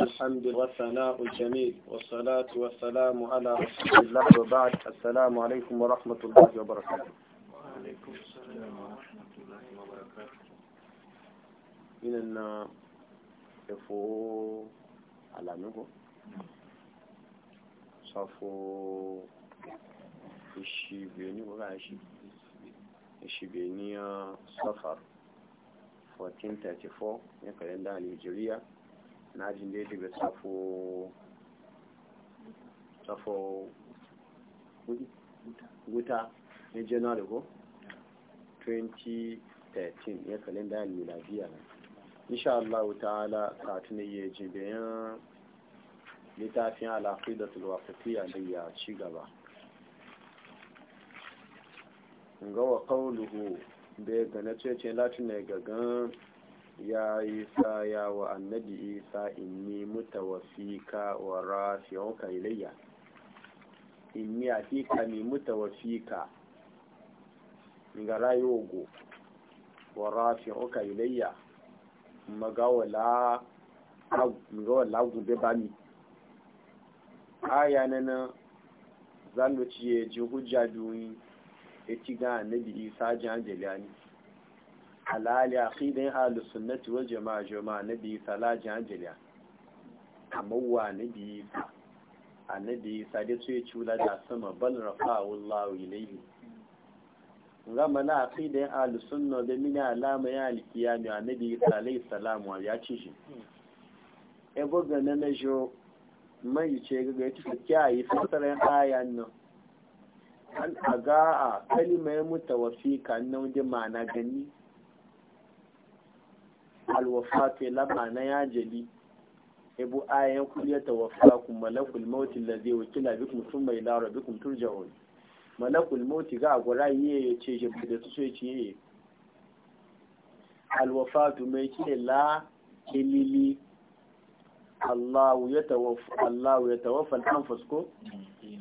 الحمد والثناء الجميل والصلاة والسلام على رسول الله وبعد السلام عليكم ورحمة الله وبركاته وعليكم السلام ورحمة الله وبركاته من أن يفو على نقو صفو الشيبيني ولا شيء الشيبيني صفر 1434 من كالندر الهجرية na da ya bai safo safo wuta na january go 2013 ya kalenda yin miladiya na insha Allah ta'ala katuna ya ji bayan littafin alaƙi da tulwafafiya da ya ci gaba ga wa ƙauluhu da ya gane ce latin ya gagan ya isa ya wa annabi isa inni mutawaffika wa rafi'uka ilayya inni fika ni mutawaffika ga rayogo wa rafi'uka ilayya magawala magawala ba ni aya nana zanu ciye ji hujja duyi ya ci ga annabi isa jan jelani alali aqidan ahlus sunnati wal jamaa jamaa nabi salaji anjeliya amawa nabi annabi sade su ya cula da sama bal rafa'u Allah ilayhi gama na aqidan ahlus sunna da min alama ya alkiyami annabi sallallahu salamu ya ci shi e boga na na jo mai ce ga ya tafi kiyaye fasaran ayan nan an aga a kalimar mutawafi kan nan wajen ma'ana gani alwafatu lama na ya jali ibu ayan kuliyata wafaku malakul mauti lazi wakila bikum sun mai lara bikum turja'un malakul mauti ga agwara yi ya ce shi da su ce yi alwafatu mai ce la ilili Allah ya fasko?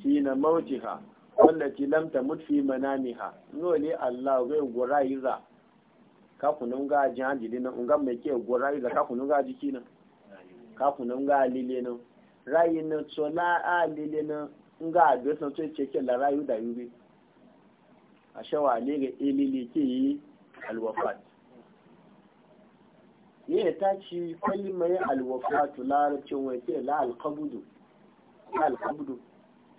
Shi na ko ha, wanda wallati lamta mutu fi manamiha nole Allah bai gwara yi za kakunan ga jiya jide nan ungan mai ke gora da kakunan ga jiki ka kakunan ga lile nan rayi nan tsola a n'a nan nga abe san to ce ke la rayu da yuri a shawa ne ga ilile e ke yi alwafat ne ta ci kalmar alwafatu larabcin wai ke la alqabudu alqabudu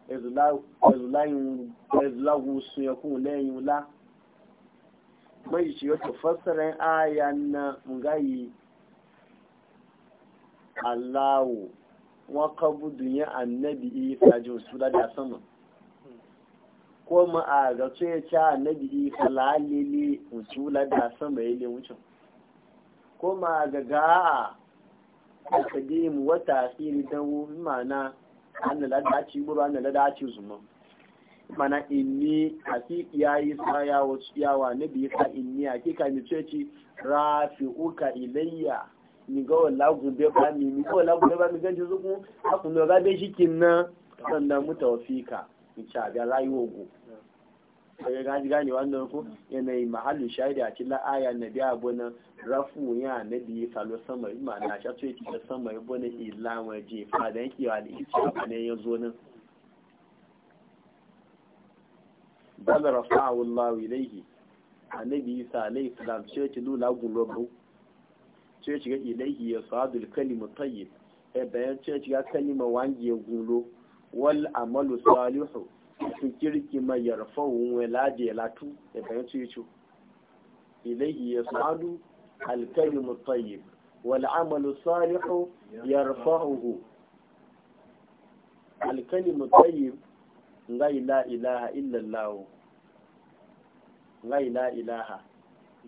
ezulayin ezulagun sun yakun lẹ́yìn la mai shi wata fasirin ayan na ngayi allahu wọn budu yin annabi isa jin sula da sama ko ma a gato ya ci annabi isa lalili sula da sama ya le wucin ko ma a gaga a kasadim wata asiri don mana an da ladaci buru an da ladaci zuma mana inni hakiki ya yi yawa yawa na biyu ka inni hakika mi ce ci uka ilayya ni ga wala gube ba mi ni ga wala gube ba mi ganci zuku aku no ga be shi na sannan mu tawfika in ci ga rayuwa go sai ga ji gani wannan ko yanayi mahallin shahidi a cikin aya na biya bona rafu ya na biyu salo sama ma na sha ce ci sama ya bona ilawa je fa dan yake wa al'ici ne ya zo nan bal rafa'ahu Allah ilayhi annabi Isa alayhi salam ce nuna lula gulobu ce ce ga ilayhi ya sadul kalimu tayyib e bayan ce ce ga kalima wange gulo wal amalu salihu su kirki mai yarfa'u wala de latu e bayan ce ce ilayhi ya sadu al kalimu tayyib wal amalu salihu yarfa'uhu al kalimu tayyib ngai ila ilaha illallah ngai la ilaha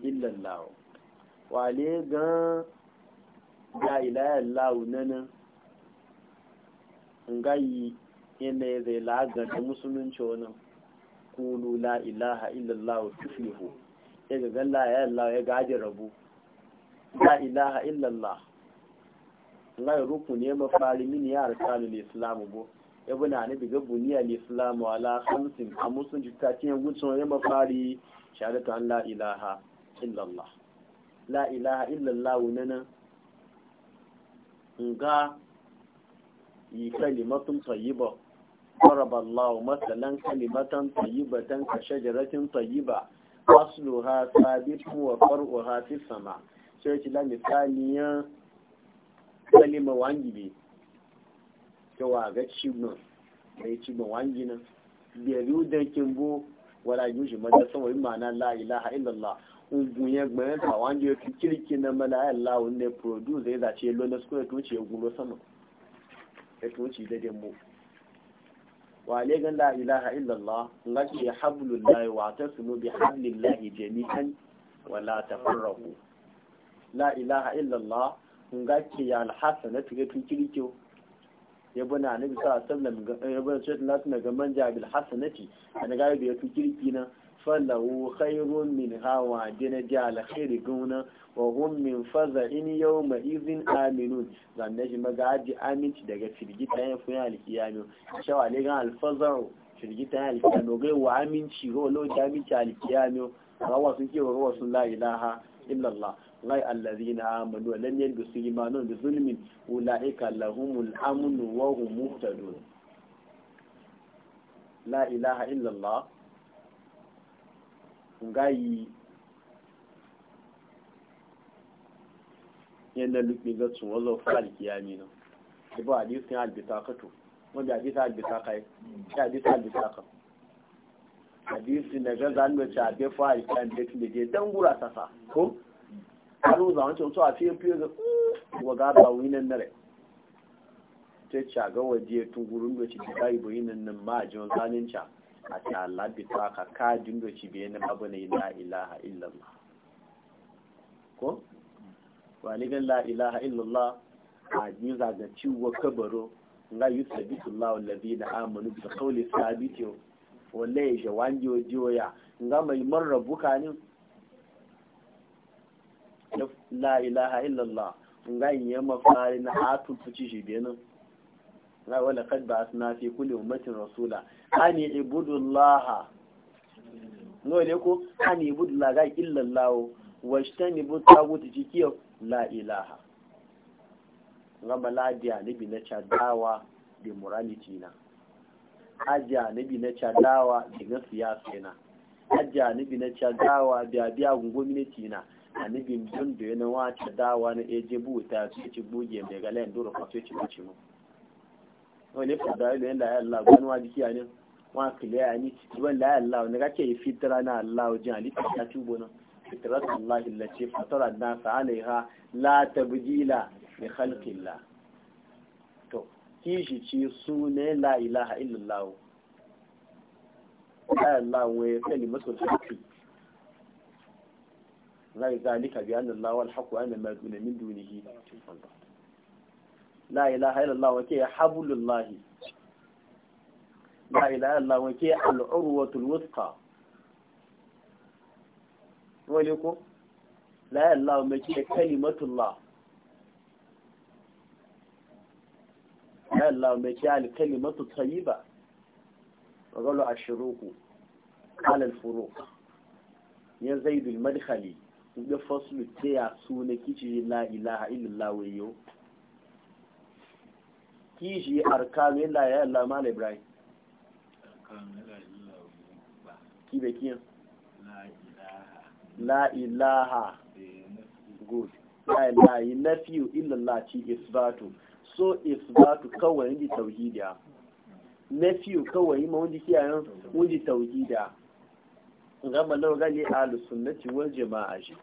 illallah wale gan la ilaha illallah nan ngai yana zai musulmin musulunci wannan kulu la ilaha illallah tuflihu ya ga gan la ilaha illallah ya gaji rabu la ilaha illallah Allah ma mafari min ya arkanul islam bo ibn anabi ga gabuniya ni islam ala khamsin a musulunci ta ce gutsun ma mafari shahadatan la ilaha illallah la ilaha wuna nan. nga yi kalimatun tayyiba qaraba Allah masalan kalimatan tayyibatan ka shajaratin tayyiba asluha thabitun wa faruha fi sama ce sai ki la misaliya kalima wangibi cewa ga cibin sai cibin wangina bi yudakin kimbo. wala yuji mada sanwari ma'ana la ilaha illallah un ya gbayan ta wanda ya fi kirki na malaya Allah ne. produce zai zace lona su kuma tuci ya gulo sama ya tuci da demo wale gan la ilaha illallah nga ki ya hablullahi wa tasmu bi hablillah jami'an wala tafarraqu la ilaha illallah nga ki ya na ya tuci kirki ya bana nabi sa sallam ya bana sai Allah tana ga manja bil hasanati an ga ya tu kirki na falahu khairun min hawa dina ja al khairi guna wa hum min faza'in yawma idhin aminun zan naji magaji aminci daga firgita ya fuya al kiyami shawa le ga al faza'u firgita al kiyami ga wa aminci ro lo da aminci al kiyami rawa sun ke rawa sun la ilaha illallah غير الذين آمنوا ولم يلبسوا إيمانهم بظلم أولئك لهم الأمن وهم مهتدون لا إله إلا الله غاي yana lukin gatsun wazo fa'al kiyami na ibu hadisin albitaka to wanda hadisin kai ya hadisin a hadisin da gaza nuna ci abe fa'al kiyami da tun da ke don gura sasa ko kanu zaman ce to a fiye fiye ga mm, wa ga wuyi nan nare ce a ga waje tun gurin da ci da yi nan nan ma jin zanin ca a ta labi ta ka ka din da ci biye na abu ne la ilaha illallah ko waligan la ilaha illallah a ji zagaci wa kabaro nga yusabitullahu alladhina amanu da qawli thabit wala ya jawanjo joya nga mai marrabuka ne la ilaha illallah nga yin mafari na atun fuci shi benin la wala kad ba asna fi kulli ummatin rasula ani ibudullah Nawa le ko ani ibudullah ga illallah wa shtani bu tagut jikiyo la ilaha nga baladiya ne bi na chadawa bi morality na ajiya ne bi na chadawa bi na siyasa na ajiya ne bi na chadawa bi biya gwamnati na anibin don da yana wata dawa na eje buta su ci buge mai gala duro dora su ci mace mu wani ne fada yi da ya Allah wani wa jiki ne wa kile ya ni wani da ya Allah wani kake yi fitara na Allah wajen? halitta ta tubo na fitarar Allah illace fatara na sa'alaiha la bujila mai halkila to kishi ci su ne la ilaha illallah ya Allah wai kalimatu hakki لا ذلك بأن الله والحق وأن ما دون من دونه لا إله إلا الله وكي حبل الله لا إله إلا الله وكي العروة الوثقى وليكم لا إله إلا الله وكي كلمة الله لا إله إلا الله وكي الكلمة الطيبة وقالوا الشروق على الفروق يا زيد المدخلي ɓe faslu teya suna kici la ilaha illallah wayo kici arkanu la ilaha illallah mal ibrahim kibe kiyan la ilaha good la ilaha nafiyu illallah ci isbatu so isbatu kawai ndi tauhidiya nafiyu kawai ma wanda kiyayen wundi tauhidiya gama lau gani a lusunnati wal jama'a shi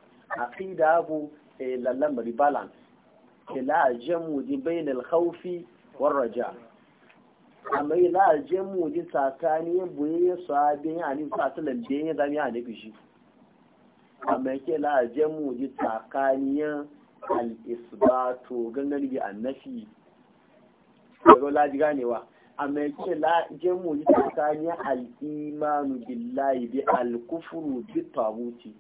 aqida abu eh, lallan bari balance la jamu di bain al khawfi war raja amma la jamu di tsakani boye sahabi ani fasalan da ya zami a nabi shi amma ke la jamu di tsakani al isbatu gangan bi annafi ko la ji ganewa a mai ce la jemu ji tsakani al'imanu billahi bi alkufuru bi tabuti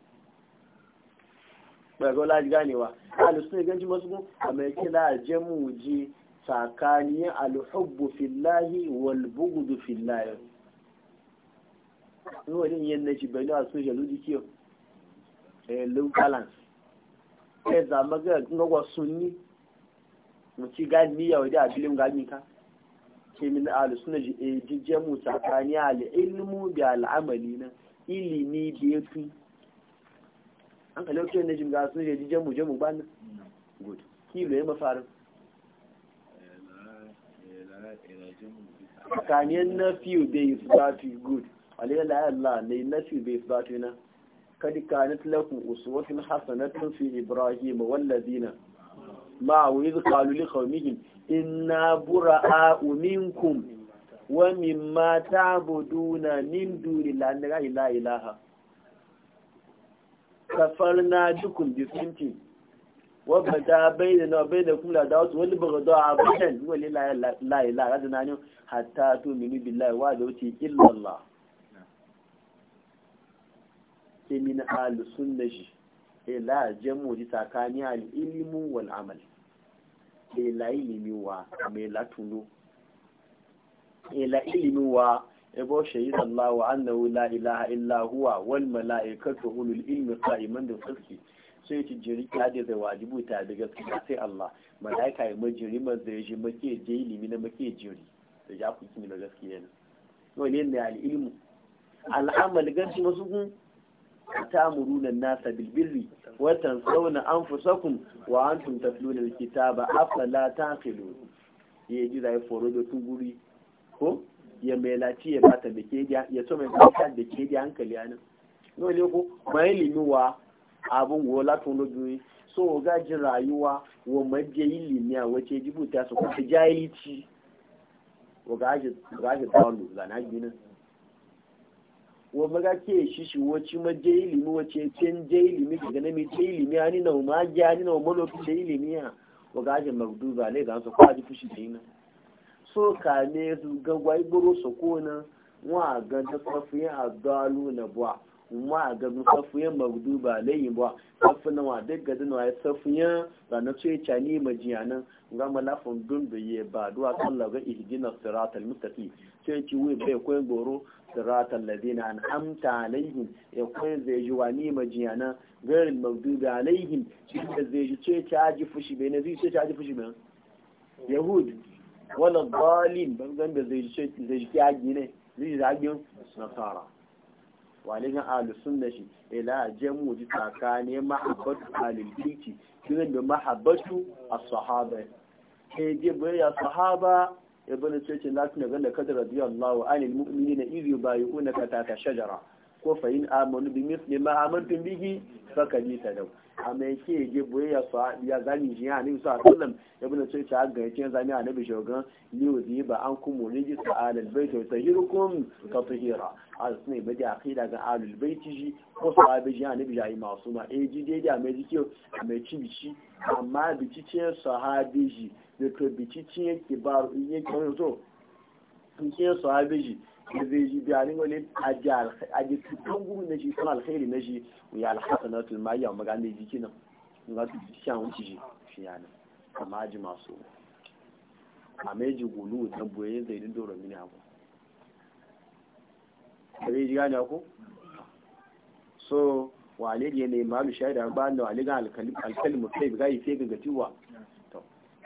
ɓargo la ji ganewa alisun ganci masu gun a mai ce la jemu ji tsakani alhubbu fillahi wal bugudu fillahi ní wọ́n ní yẹn ji ṣe bẹ̀rẹ̀ àti ṣe lójú kí o ẹ̀ low balance ẹ̀ eh, zàmọ́gẹ̀ ńlọ́wọ́ sun ní mo ti gá ya dé àbílẹ̀ ń gá ka ke min ahlus sunna ji eh, jijje mu tsakani al ilmu bi al amali na ilimi da yafi an ka lokacin da jin ga sun je jijje mu je mu ban good ki lo yema faru tsakaniyan na fiye da yi su ba fi good alayyala Allah ne na fiye da yi su ba fi na kadi kanat lakum uswatun hasanatun fi ibrahim wallazina ma wa iz qalu li inna bura'a minkum wa mimma ta'buduna min duni la ilaha ilaha kafarna bikum bi wa bada bainana bainakum la da'at wal baghda abadan wa la ilaha illa allah hatta tu'minu billahi wa la illa allah ke min al sunnah ila jamu di tsakani al ilmu wal amali ela ilimi wa mai ela tulo ela ilimi wa ebo shahid Allah wa annahu la ilaha illa huwa wal mala'ikatu ulul ilmi qa'iman bil sai ci jiri kade da wajibu ta da gaskiya sai Allah malaika ya majiri ma zai ji make je ilimi na make jiri da ya ku kini na gaskiya ne wannan ne al ilmu al amal gaskiya masu gun ta'muruna an-nasa bil watan wa tansawna anfusakum wa antum tatluna al-kitaba afala taqilun ye ji da foro do tuguri ko ya melaci mai kanta da ke da hankali anan no le ko mai limiwa abun wo latun lobi so ga ji rayuwa wa maje ilimiya wace jibuta su kuma jahilci wa ga ji ga ji tawo ga na ginin wa maga ke shi shi wace ma je ilimi wacce can je ilimi daga na mai je ilimi ani na ma je ani na ma lokacin je ilimi a wa ga ajin magduba ne ga su kwaji fushi da ina so ka ne su ga gwai buru su ko na wa ga da safiyan adalu na bwa wa ga da safiyan magduba ne yin bwa na wa daga da na safiyan da na ce cani majiya nan ga malafin dundu ye ba duwa kan laga ihdina siratal mustaqim sai ci wi bai koyin goro siratan ladina an amta alaihim ya kwaye zai ji wa nima jiyana garin magdubi alaihim ne zai ji ce ta ji fushi bai na zai ce ta ji fushi bai yahud wala dalin zan da zai ji zai ji yagi ne zai ji zagin nasara Wani walihin alusun da shi ila jamu ji tsakanin mahabbatu alilbiti kiran da mahabbatu as-sahaba sai dai bai ya sahaba ibn sayyid lakin daga da kadar radiyallahu anil mu'minina idh yubayyi'unaka ta shajara ko fa in amanu bi misli ma amantum bihi fakad yatadaw amma yake je boyayya sahabi ya zani ji ya nabi sallallahu a wasallam ibn sayyid ta ga yake zani a nabi shogan li yuzi ba an kumu rijis alal bait wa tahirukum ka tahira asne bi ga alal ji ko sahabi ji nabi ya yi masu e ji dai da mai ji mai ci bici amma bici ce sahabi ji da to bici cin yake ba yin wani so in ke so abeji da zai ji biya wani aji tukan guru na shi kan alkhairi na shi ya alhasa na tulma ya maga ne jiki in ga su shan wuce shi shi yana amma ji masu a mai ji gulu na boye zai din doro mini hagu da zai ji gani ku so wa ne ne malu shaida ba da wa ne ga alkalin mutai ga yi ga gatiwa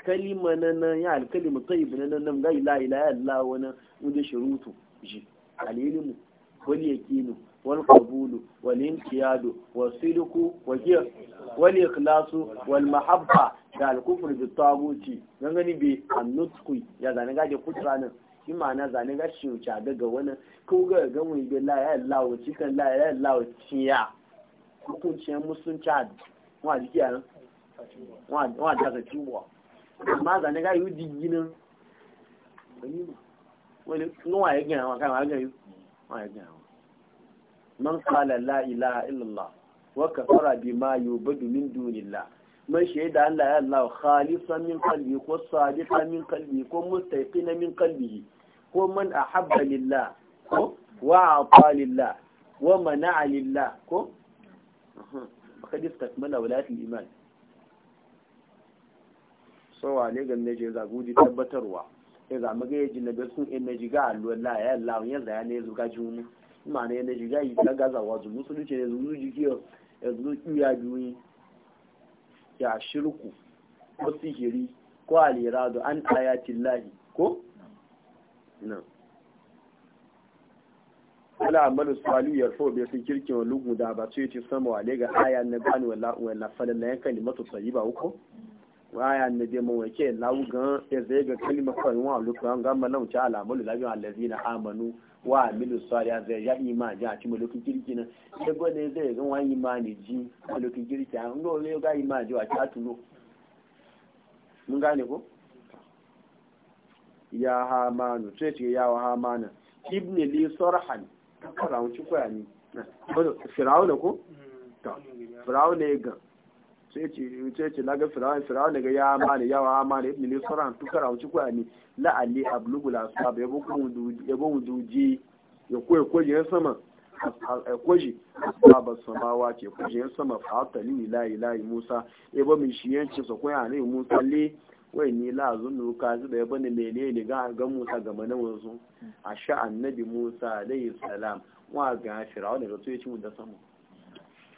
kalima na nan ya alkalima ibi na nan nan, ga ila ila Allah wani wanda shirutu ji alilimu wani ya wal wani wal wani was wani siliku hiya wal wani mahabba da alkufur da bi don gani bi annutqi ya zane ga kutura nan shi ma'ana zane ga shi wuce daga wani ko ga ga mu bi la ya Allah wa cikan la ya Allah wa ciya hukuncin musunci wa jikiya nan wa da ka ciwa amma kala ga yi diginin Wa nuwa ya gina wa kan agayu wa ya gina wa man qala la ilaha illallah wa kafara bima yubadu min dunillah man shaida an la ilaha illallah khalisan min qalbi ko sadiqan min qalbi ko mustaqinan min qalbi ko man ahabba lillah ko wa ata lillah wa mana'a lillah ko kada istakmala walatul iman sowa ne ga neje za gudi tabbatarwa ya za maga ya ji nabe sun in naji ga alwala ya Allah ya za ya ne zuga junu ma ne naji ga yi ta gaza wa zulu su duce ne zulu jikiyo ya zulu kiya biyu ya shirku ko sihiri ko alirado an ayatin lahi ko na ala amalu salu fo bai sun kirkin lugu da ba ce ce sama wa lega aya na bani wala wala falalla yan kalimatu tayyiba uku waya na je mu wace lawu gan ya zai ga kalma kawai wa lokacin ga mallan ta alamul labi allazina amanu wa amilu sariya zai ya imani a cikin lokacin kirki na da gode zai ga wani imani ji a lokacin kirki an go ne ga imani wa ta tulo mun gane ko ya hamanu sai ce ya hamana ibn li sarhan kara wuce koyani fir'auna ko fir'auna ya ga sai ce sai ce laga firawun firawun daga ya amana yawa amana ibn ne sauran tukar hauci kuwa ne la'alli ablugul asab ya bon wuduji ya koyi koji ya sama koji asabar samawa ce koji ya sama fatali layi layi musa ya ba min shiyanci sa kwaya ne musa le wai ni la zunnu ka zuba ya bani mele ne ga ga musa ga mana wanzu a sha annabi musa alayhi salam wa ga firawun daga to ya ci mun da sama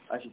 ashi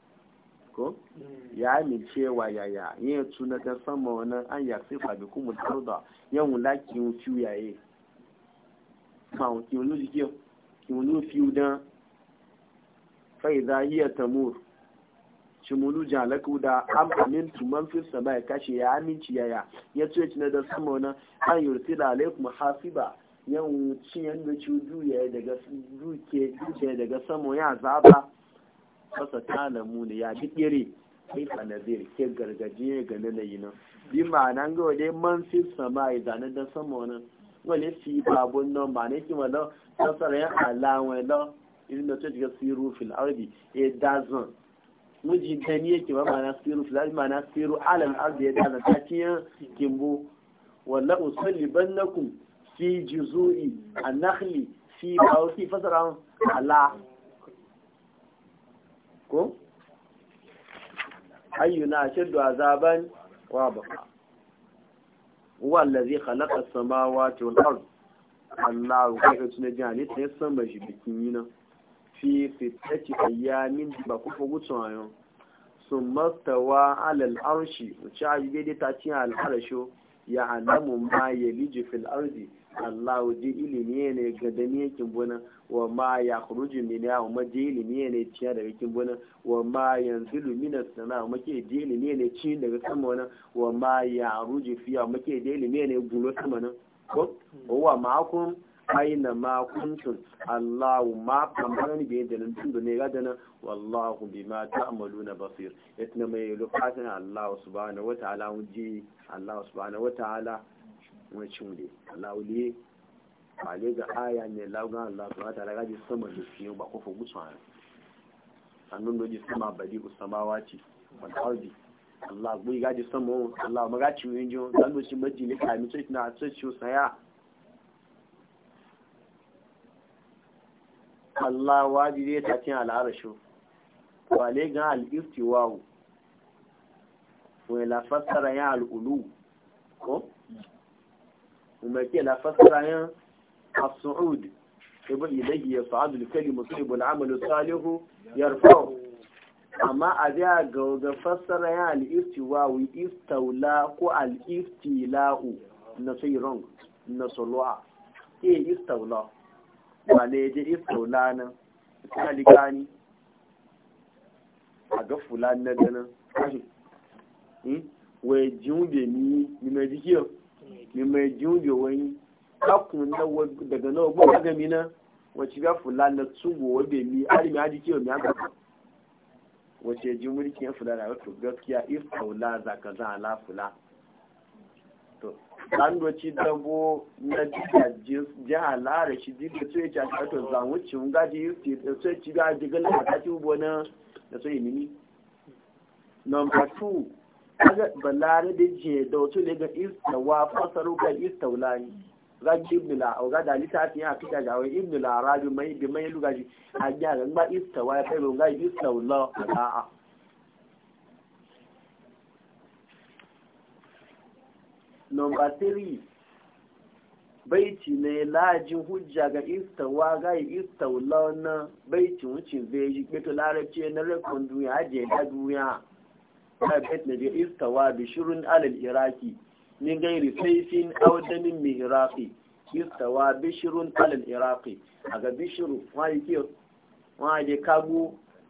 ko ya mi cewa yaya yin tu na ta sama wani an ya sifa fabi kuma tarda yan wula ki yun fiu yaye ma ki yun lu ki yun lu fiu dan fai za ta mur ci mulu jalaku da amfanin tu man fi sama ya kashe ya aminci yaya ya ce ci na da sama wani an yursila alaikum hasiba yan ci yan da ci duya daga duke daga sama ya zaba fasa talamu ne ya duk ire kai fa nazir ke gargajiye ga nanayi nan bi ma'ana ga wale man fi sama ya zane da sama wani wale fi babun nan ba ne kima lau kasar yan alawai lau irin da ta shiga siru fil ardi ya dazan miji dani yake ba ma'ana siru fil ardi ma'ana siru alal ardi ya dazan ta ciyan kimbo wala usalliban lakum fi jizu'i an-nakhli fi ba'u fi fasara ala ko ayyuna shaddu azaban wa baka Wa allazi khalaqa as-samawati wal ard Allahu kaga tuna jani ta san ba shi bikin yina fi fitati ayyamin ba ku fugu tsayon summa tawa ala al-arshi wuce ajibe da ta ci al-arsho ya alamu ma ya yaliju fil ardi Allah ji ilimi ne ga dani yakin bonan wa ma ya khruju min ya ma ji ilimi ne ciya daga kin bonan wa ma yanzilu min sana ma ke ji ilimi ne ci daga sama wannan wa ma ya ruju fiya ma ke ji ilimi ne gulo sama nan ko wa ma kun aina ma kuntum Allah ma kamarin bi da nan tun ne ga nan wallahu bima ta'maluna basir itna mai lokacin Allah subhanahu wataala ji Allah subhanahu wataala wani cimle lauliye ba ne ga aya ne Allah raga ji sama da fiye ba gusu a hannun doji sama bari Allah sama wani Allah ci maji ne na saya Allah ta cin ba ne ga al'iftiwawu ya al'ulu ko kuma ke la fasara yan as-su'ud ibu ilayhi yas'adu al-kalimu tayyibu al-amalu salihu yarfa'u amma a biya ga ga fassara yan al-istiwa wa istawla ko al-istila'u na sai wrong na sulwa ke istawla ba ne je istawla nan kalikani a ga na ganin wai jiun da ni ni mai jikiyar mi mai jin wani kakun daga nawa gbogbo gami na wacce ga na tsugo wabe mi arimi haji kiwa mi ba wace ji mulki ya fulana wato gaskiya if kaula za ka za ala fula to an doci dabo na jiya jiya lara shi jiya su ya ci a to wuce mun gaji yi da su ci gaji ganin a kati ubo na da su yi mini number two kaga balare da je da wato ne ga istawa fasaru kan ulani zaki ibn la o da litafi ya fita ga wa ibn la rabi mai bi mai lugaji a ga ba istawa ya kai ga istawla a a number 3 baiti ne ji hujja ga istawa ga istawla na baiti wucin zai yi beto larabci na rekon duniya je da duniya sabit na biyu istawa bi shirin alal iraki min gairi saifin audamin mai iraki istawa bi shirin alal iraki a ga bishiru wani da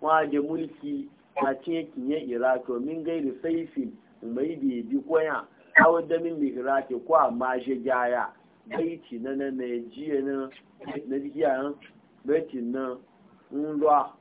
wani mulki a cikin yin iraki min gairi saifin mai da bi koya audamin mai iraki ko a maje gaya baiti na na na jiya na na jiya na baiti na nlwa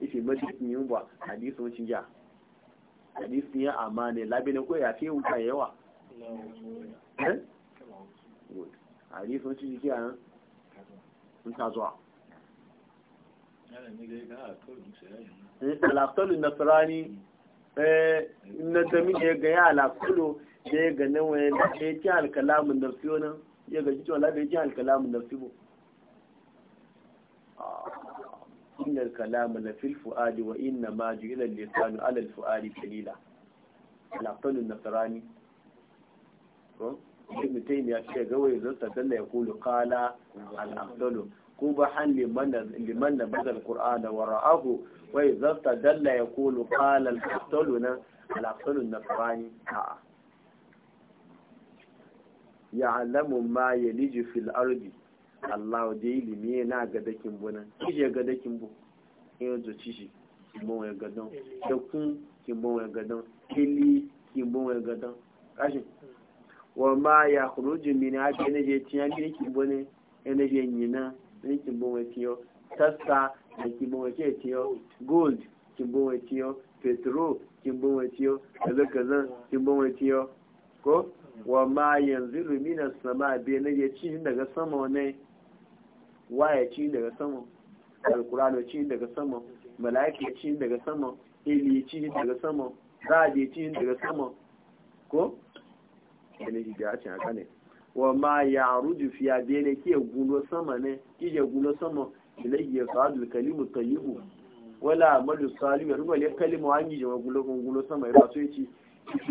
ife majalisun yin ba hadisun wucin ya hadisun ya amma ne labinin ko ya fiye wuta yawa eh? hadisun wucin jiki a nan sun ta zuwa eh, alaktolu na firani eh, na dami da ya ga ya alaktolu da ya ganin wani da ya ci alkalamun da fiye nan ya ga jikin wala ya ci alkalamun da fiye innal kalama na fil fuadi wa inna ma ju'ila lisanu ala al fuadi qalila al-aqlu nasrani ko ibn ya ce ga wai zan ta ya kulu qala al-aqlu قبحا لمن لمن ya القرآن ورآه وإذا na يقول nasarani الأقتلنا Ya النصراني ma ya يلج في arbi. Allah da ilimi na ga dakin bu nan kije ga dakin bu in zo ci shi kimbo wani gadon shakun kimbo wani gadon kili kimbo wani gadon kashin wa ma ya kurujin mini haka yana je tiya gini kimbo ne yana je yina ni kimbo tiyo da kimbo tiyo gold kimbo tiyo kimbo tiyo kaza kaza kimbo tiyo ko wa ma yanzu rumina sama bai na je ci daga sama wani waya ci daga sama alkurano ci daga sama malaki ci daga sama ili ci daga sama raje ci daga sama ko ne ji ga ci aka ne wa ma ya ruju fiya be ne ke gulo sama ne kije gulo sama ilayhi yasadul kalimu tayyibu wala amalu salihu ruba le kalimu an ji wa gulo gulo sama ya so yaci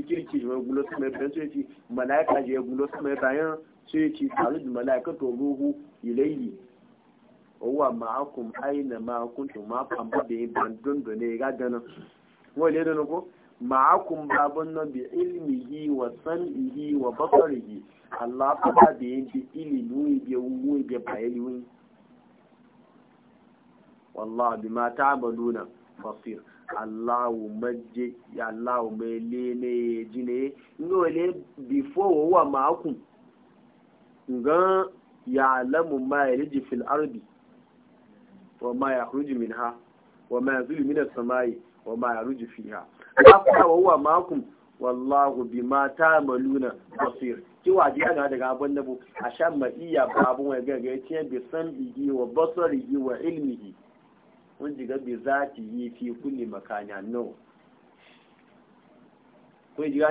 kirki ya gulo sama ya so ci mala'ika je gulo sama ya bayan so salu alud to ruhu ilayhi wa ma'akum aina ma kuntum ma famba da yin bandun da ne ga dana wale da ko ma'akum babun na bi ilmihi wa san'ihi wa basarihi Allah fada da yin bi ilimi bi wuyi bi bayani wallahi bima ta'maluna basir Allahu majje ya Allahu mai lene jine ngole before wa ma'akum ngan ya alamu ma yalji fil ardi wa ma ya hurji min ha wa ma ya zuli minas samayi wa ma ya ruji fi ha akwai wa huwa wallahu bi ma ta maluna basir ki wa ji ana daga abun nabu a shan ma'iyya ba abun wa ga ga yace bi san bihi wa basarihi wa ilmihi kun ji ga bi zati yi fi kulli makanya no ko ji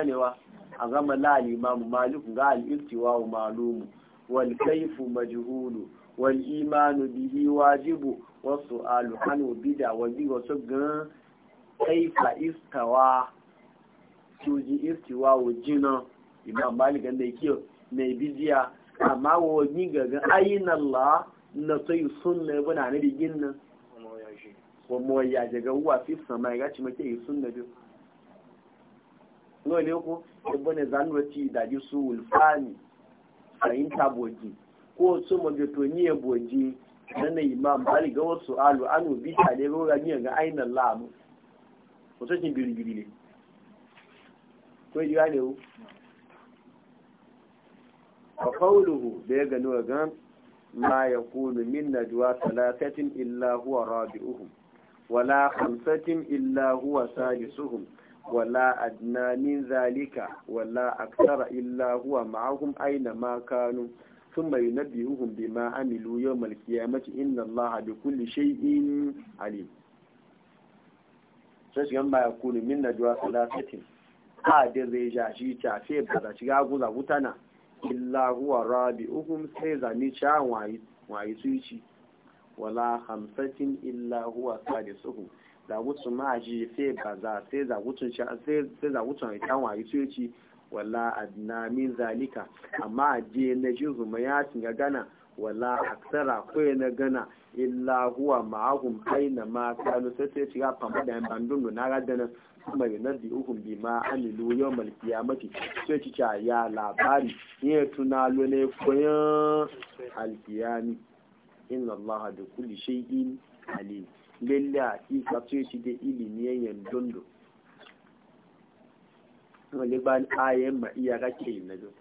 a gama la al-imam malik ga al-istiwa wa malumu wal kayfu majhulu wal imanu bihi wajibu wasu alhanu bida wani wasu gan kaifa istawa tuji istiwa wajina imam malik da yake mai bidiya amma wani gagan ayin Allah na sai sunna ya bana na digin nan kuma ya daga uwa fi sama ya ci make yi sunna biyu ne ko ibn zanwati da ji su ulfani fahimta boji ko su mabetoniya boji nana imam bari ga wasu alu anu bi ta ne ga ni ga ainihin lamu wasu cin biribiri ne ko yi gane wu fa qawluhu da ya gano ga ma yakunu min najwa thalathatin illa huwa rabi'uhum wala khamsatin illa huwa sadisuhum wala adna min zalika wala akthara illa huwa ma'ahum aina ma kanu ثم ينبئهم بما عملوا يوم القيامة إن الله بكل شيء عليم sai yamma ba ya kuni min na juwa salasatin a da zai ja shi ta ce ba za shiga guza gutana illa huwa rabi uhum sai za ni cha wayi suci wala khamsatin illa huwa sadisuhu da gutsun ma ji sai ba za sai za gutsun sai za gutsun ai kan wayi suci wala adna min zalika amma je na ji zuma ya ga gana wala aksara ko na gana illa huwa ma'ahum aina ma kanu sai sai ga fama da bandun na gadana kuma na bi uhum bi ma amilu yawmal qiyamati sai ci ta ya labari ne lo ne koyan alqiyami inna allaha bi kulli shay'in alim lalla ki ka ce shi da ilimi yayin dondo wani ba ni ayen e ma iya kake yi na jin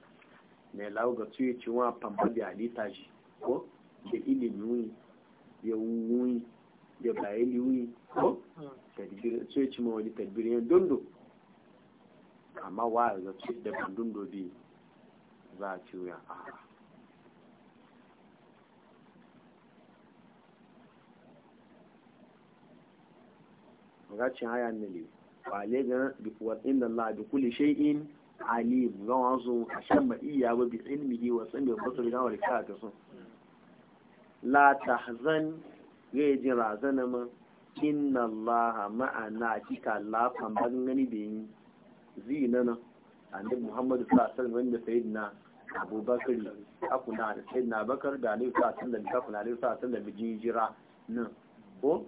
mai lauga tuye ci wa pamba da halitta shi ko da ilimi wuyi ya wuyi ya ni wuyi ko tuye ci ma wani tadbirin yan dondo amma wa ya zace da bandun dobi za a ci wuya a gacin haya ne wale ga wa inna Allah bi kulli shay'in alim ga wazo a shan ma'iya wa bi ilmihi wa sami wa basari ga warka sun la tahzan ga ji razana ma inna Allah ma'ana kika la kan gani da yin zinana annabi sallallahu alaihi wasallam da sayyidina Abubakar da sayyidina Bakar da Aliyu sallallahu alaihi da Aliyu jira nan ko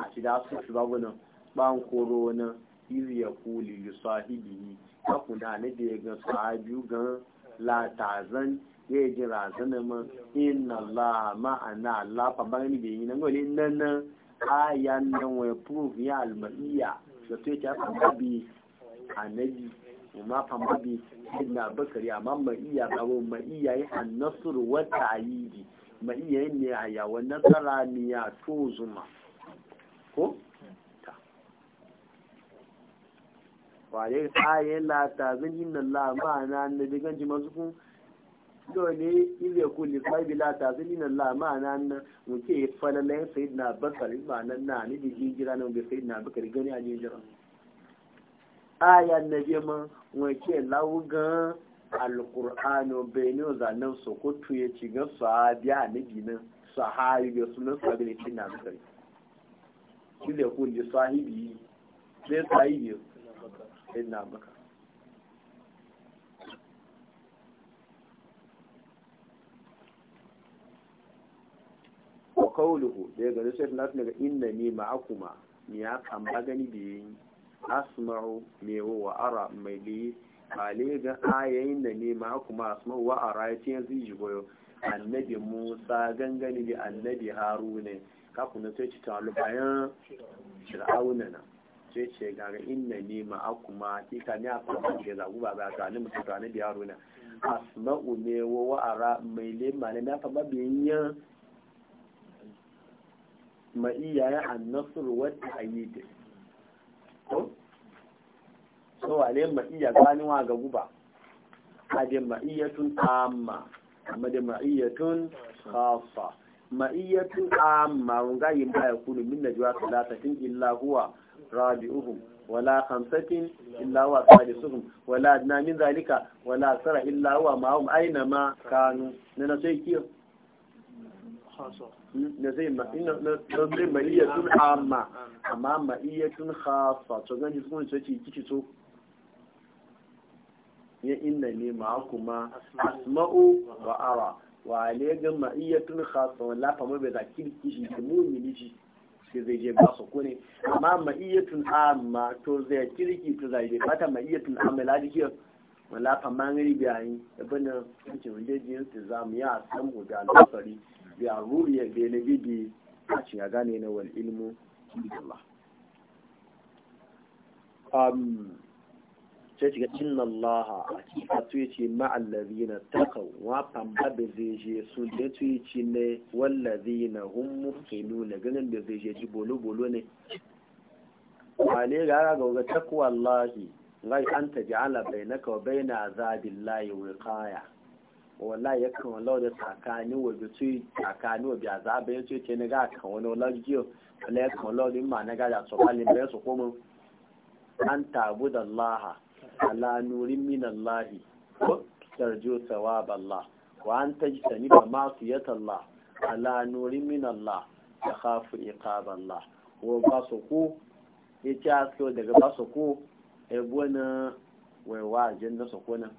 a shi da su shi babu nan bankoro na izi ya kuli li sahibihi ka kuna ne da ya ga sahabi gan latazan ya yi jira zana ma inna la ma'ana Allah fa ni bai yi nan gole nan nan ayan nan wai proof ya almaiya da to ta fa babi annabi amma fa babi inna bakari amma maiya ba mu maiya ya annasr wa ta'yidi maiya ne aya wa nasara ni ya to zuma ko wale tsaye lata zan yi nan lama na na digan ji masu kun dole ile ku lifai bi lata zan yi nan lama na na muke falalayen sai na bakar ba nan na ni da jijira na bai sai na bakar gani a jijira aya na je ma wake lawugan alkur'ano bai ne zanen sokoto ya ci ga sahabiya na ginin sahabi ga sunan sahabi ne cin na bakar ile ku lisahibi sai sahibi illa na baka wa kawuluhu da ya gari sai na ga inda ne ma'akuma ni ya kan magani biyu asma'u mewo wa ara mai biyu ale ga ayayin da ne ma'akuma asma'u wa ara ya ce yanzu yi goyo annabi musa gangani da annabi ne kafin na sai ci ta bayan shir'auna sai ce gaga inna ne ma'akuma kika ne a farfar da zagu ba ba ta alimu ta ne biya runa asma'u ne wa wa'ara mai lema ne ya fama biyan ma iyaye annasur wata ayyid da so wale ma iya gani wa ga guba ade ma iyatun amma amma da ma iyatun khafa ma iyatun amma wunga yin baya kunu min najwa salatatin illa huwa رابعهم ولا خمسة إلا هو ثالثهم ولا أدنى من ذلك ولا أكثر إلا هو معهم أينما كانوا ننسي كيف ma iya tun أما مئية خاصة تغني تكون تشي تشي تشي ya inna ne ma kuma asma'u wa ara wa ale ga ma'iyyatun khasa wala fa mabe zakir kirki da mumini shi sai zai je ba su kune amma ma'iyyatun amma to zai kirki to zai je fata ma'iyyatun amma la dikiyar wala faman ribi a yi abin da kuke wunde jiyar su za mu yi a san mu da alfasari bi a ruriya da na bibi a ci a gane na wal ilmu Allah. Um, sai shiga inna Allah a tuyi ce na taqaw wa famba da zai je su da tuyi ce ne na hum muhsinu nuna ganin da zai je ji bolo bolo ne wale gara ga ga takwa Allah ngai an bai na taj'ala bainaka wa baina azabillahi wiqaya wallahi yakan wallahi da tsakani wa bi tuyi tsakani wa bi azabai ya ce ne ga kan wani wala jiyo ya kan wallahi ma na ga da so bai su kuma an tabu da Allah ala nurin minallahi ko tarjo thawab Allah wa an tajtani ba ma'siyat Allah ala nurin min Allah takhafu iqab Allah wa basuku yace asko daga basuku e bona wai wa janna sokona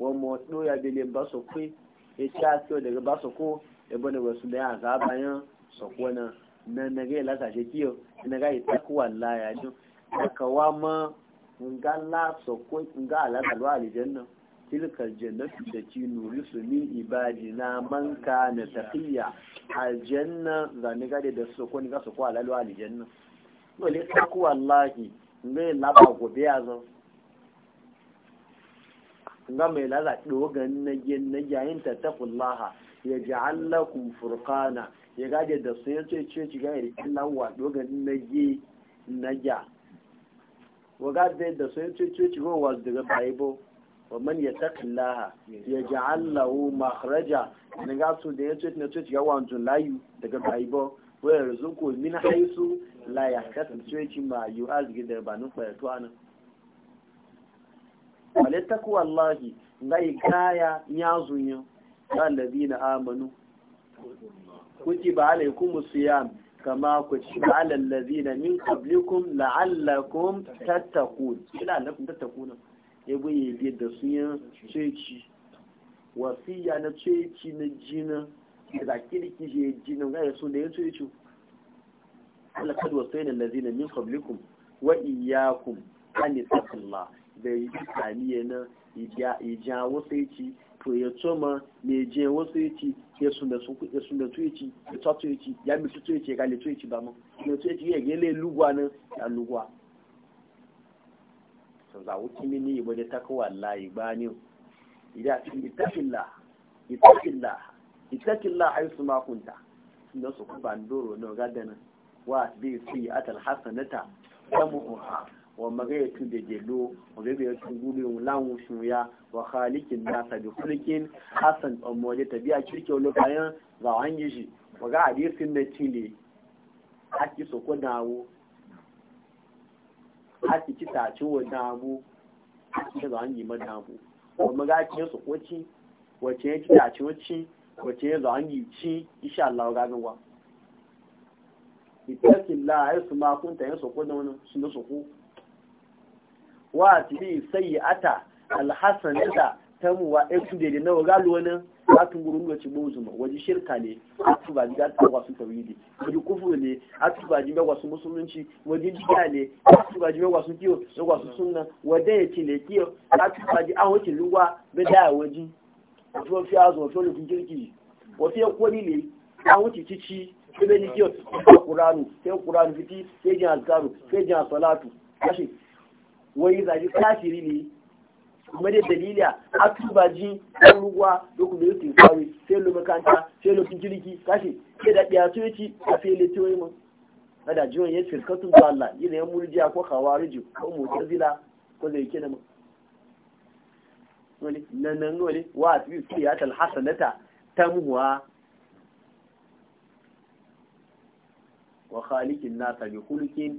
wa mo doya bele basuku yace asko daga basuku e bona wasu da azabayan sokona nan nage lasa je kiyo naga ita kuwallahi ajo takawa ma nga la sokko nga ala kalwa aljanna tilka aljannatu tati su min ibadina man kana taqiya aljanna za ni gade da sokko ni ga sokko ala kalwa aljanna wale ku wallahi ba laba gobe azo nga mai do gan na na yayin ta taqullaha ya lakum furqana ya gade da sun yace ce ci ga irin lawa gan na na ja waga da da sai cuci ci go was daga bible wa man yattaqillaha yaj'al lahu makhraja ne ga su da yace ne cuci ga wan tun layu daga bible wa yarzuqu min haythu la yahtasib cuci ma yu azgi da banu fa to anan wale takwa allahi ngai kaya yazunya alladhina amanu kutiba alaykumus siyam kama ku ci alal lazina min qablikum la'allakum tattaqun ila lakum tattaqun ya buye biyar da su yin ceci wasiya na ceci na jina da kirki je jina ga yaso da ya yaso yace Allah kad wasayna allazina min qablikum wa iyyakum an taqullah da yi taniye na ija wasu ci to ya tsoma ne je wasu yaci ya sunda su ya sunda su yaci ya tsatsu yaci ya mi su yaci ga le su yaci ba mu ne su yaci ya gele lugwa nan ya lugwa sun za wuce mini ibo da takawa wallahi ba ne idan itafillah itafillah itafillah haisu ma kunta sun su ku bandoro no gadana wa bi fi atal hasanata tamuha wa magaya tu da gelo magaya ya tun gudu lamun shuya wa khalikin nasa bi kulikin hassan tsammoje ta biya wani lokayen za a hanyar shi wa ga hadisin na cile haki soko ko dawo haki ci tace wa dawo haki za a yi ma dawo wa magaya ci so ko ci wace ya kita wa ci wace ya za a yi ci isha Allah ga gawa itakin la ya su ma ta yin soko da wani sun da soko wa tiri sai ata alhasanata ta mu wa ɗan tude da nawa galo wani atun gurin da cibo zuma waje shirka ne atu ba jiga ta wasu tawhidi waje kufuru ne atu ba jiga wasu musulunci waje jiga ne atu ba jiga wasu kiyo da wasu sunna waje ya ce ne kiyo atu ba an wace luwa bai da waje wato fi azo wato lukun kirki wato ya kwani ne an wuce cici sai bai ji kiyo sai kuranu sai kuranu fiti sai jin azkaru sai jin salatu kashi wai zaji kafiri ne kuma dai dalila a tubaji ɗan ruwa da kuma yi tinkawai sai lo makanta sai lo kiriki, kashi sai da ɗaya to yaci a fele to yi mun kada jiwon ya firkatun da Allah yana yan murjiya ko kawariji ko zila ko zai kina mun wani nan nan wani wa asbi siyat al hasanata tamhuwa wa khaliqin nasa bi khuluqin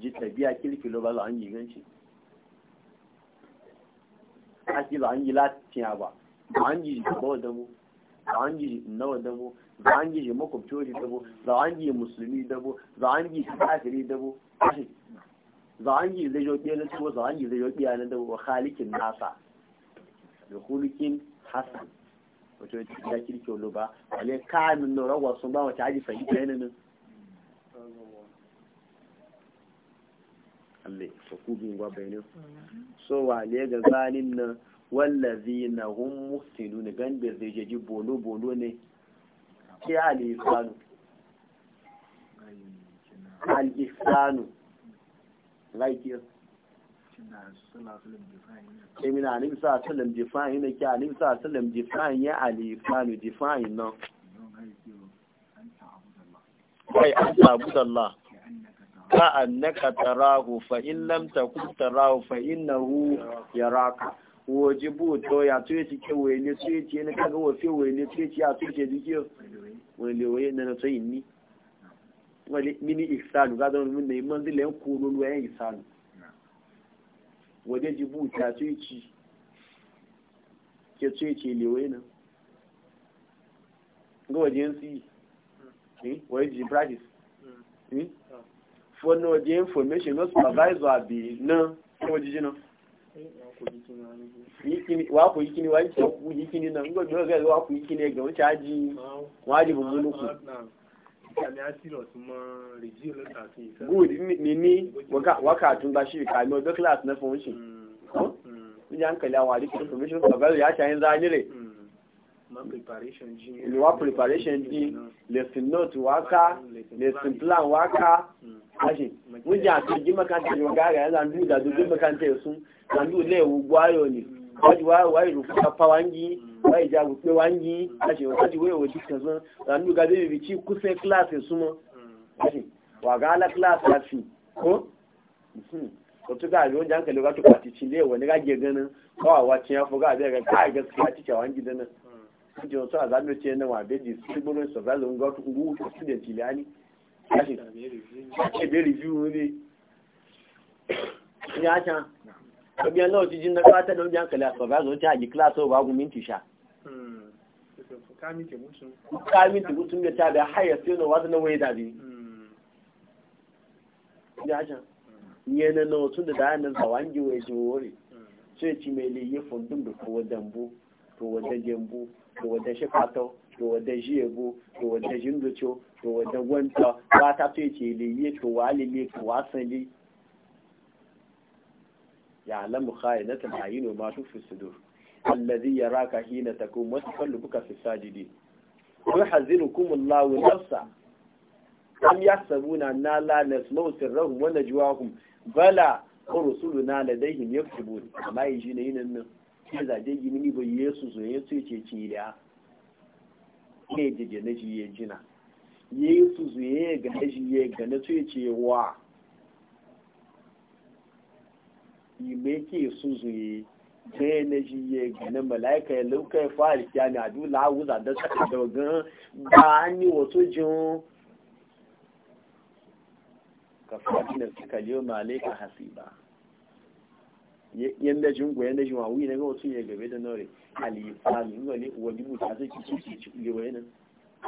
ji tabiya kilkilo ba za a yi ganci ake ba an yi latin ba ba an yi bawa damo ba an yi nawa damo ba an yi makwabciyoyi damo ba an yi musulmi damo ba an yi kafiri damo za an yi zai jokiya na tuwo za an yi zai jokiya na damo wa halikin nasa da hulikin Hassan wato ya kirkiyo ba wale kamin nora wasu ba wata aji fahimta yanayin Allah so wa ga zanin nan wallazi na hun muftinu ne gan da zai jeji bolo-bolo ne ke al-ihsanu al-ihsanu right here Emina alim sa sallam ne ke alim sa sallam ya al-ihsanu nan. an sabu da كأنك تراه فإن لم تكن تراه فإنه يراك wajibu to ya tuye cike wele tuye ce kaga wafe wele a ya tuye jike wele na na tsayin ni wale mini ihsanu ga zama mun da yi manzila yan kono ruwa waje jibu ta tuye ke tuye lewe na ga waje yansu yi eh, waje ji practice hmm. hmm? hmm. wani waje information na supervisor abi na kuma jiji na wa ku yikini na ngo bi ga wa ku yikini ga won chaji wa di bu muluku good ni ni waka tun ba ka mo be class na fun shi ko ni an kala wa information supervisor ya chayin zanire ni wa preparation di lesson note wa ka lesson plan hmm. Hmm. Hmm. wa ka ashe mun ja to ji makanta ni ga ga zan duda dudu makanta su zan du le wu gwayo ni waji wa wa ru ka pa wangi wa ja wu pe wangi aje o ti we o ji kan zan zan du ga bi bi ci ku se class su mo aje wa ga la class la fi ko ko to ga yo jan ka lo ga to pati ci le wa ni ga je ganin kawa wa ci ya fo ga ga ga gaskiya ci cawan gidan nan kuje wasu a zaɓe ce e e na wabe ji su gburin su zaɓe ga wata ungu ta su da jilani kashi ake bai review ne ya can ɗabiyan nawa ci jin na ƙata da ɗabiyan kala su zaɓe ta haji kilasa ba ta mutum ya sai na wasu na waye dabi ya can yana na wasu da dayanin zawangi wa ya ji sai hmm. ci mai liye fundun da kowa dambu kowa da jambu to wadda shi fatau to wadda shi yabo to wadda shi ndocho to wadda gwanta ba ta ce ce liye to wa lile to wasali ya alamu khayi na no ma su fi sudur allazi raka hina takum wasu buka fi sajidi yuhazzirukum ya nafsa na yahsabuna anna la rahun wanda juwa kuma bala na rusuluna ladayhim bude amma yi na yin nan ya zaje gini ni bai yesu zo ya ce ce ci da ne jeje na shi ya jina yesu zo ya ga na shi ya ga na ce ce wa ime ke su zo ya ta na shi ya ga na mala'ika ya lauka ya fara kya ne a dula wuza da saka da gan ba an yi wato jin ka fadi na suka liyo mala'ika hasiba yanda jingo yanda jinwa wi na ga wasu ya gabe da nore alifani ngani wajibu ta sai kici kici lewaye nan